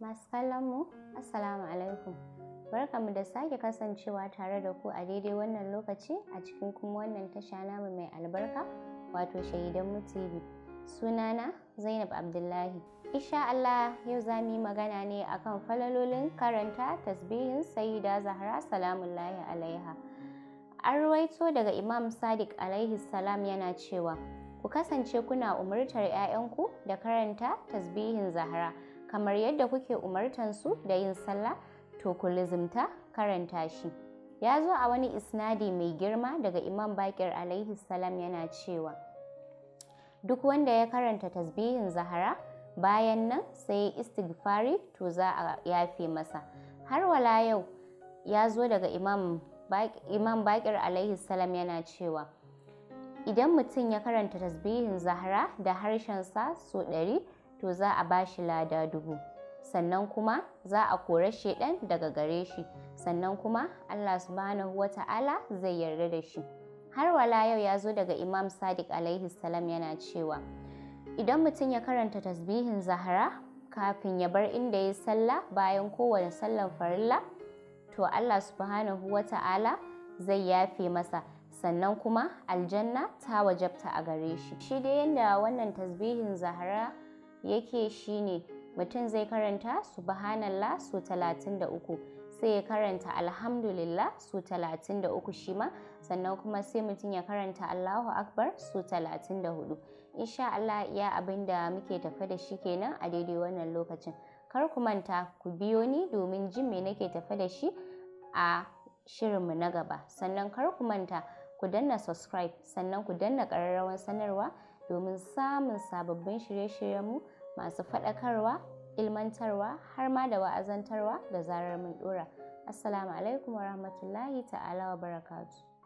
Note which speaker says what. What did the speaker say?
Speaker 1: masu kallon mu assalamu alaikum barkamu da sake kasancewa tare da ku a daidai wannan lokaci a cikin kuma wannan tasha namu mai albarka wato shahidan mu tv sunana zainab abdullahi insha allah yau za mu yi magana ne akan falalolin karanta tasbihin sayyida zahra salamullahi alaiha an ruwaito daga imam sadiq alaihi salam yana cewa ku kasance kuna umurtar 'ya'yanku da karanta tasbihin zahra kamar yadda kuke umartansu da yin sallah to ku lizimta karanta shi ya zo a wani isnadi mai girma daga imam bakir alaihi salam yana cewa duk wanda ya karanta tasbihin zahara bayan nan sai istighfari to za a yafe masa har wala yau ya zo daga imam imam bakir alaihi salam yana cewa idan mutum ya karanta tasbihin zahara da harshensa so ɗari to za a ba shi lada dubu sannan kuma za a kore shaidan daga gare shi sannan kuma Allah subhanahu ta'ala zai yarda da shi har wala yau ya zo daga Imam Sadiq alaihi salam yana cewa idan mutum ya karanta tasbihin Zahra kafin ya bar inda ya sallah bayan kowane sallan farilla to Allah subhanahu ta'ala zai yafe masa sannan kuma aljanna ta wajabta a gare shi shi dai yadda wannan tasbihin Zahra yake shine mutum zai karanta subhanallah su talatin da uku sai ya karanta alhamdulillah su talatin da uku shi ma sannan kuma sai mutum ya karanta allahu akbar su talatin da hudu insha Allah iya abin da muke tafe da shi kenan a daidai wannan lokacin kar ku manta ku biyo ni domin jin me nake tafe da shi a shirin mu na gaba sannan kar ku manta ku danna subscribe sannan ku danna ƙararrawar sanarwa domin samun sababbin shirye-shiryenmu masu faɗakarwa, ilmantarwa har ma da wa'azantarwa da zarar mun ɗora. Assalamu alaikum wa rahmatullahi ta'ala wa barakatu.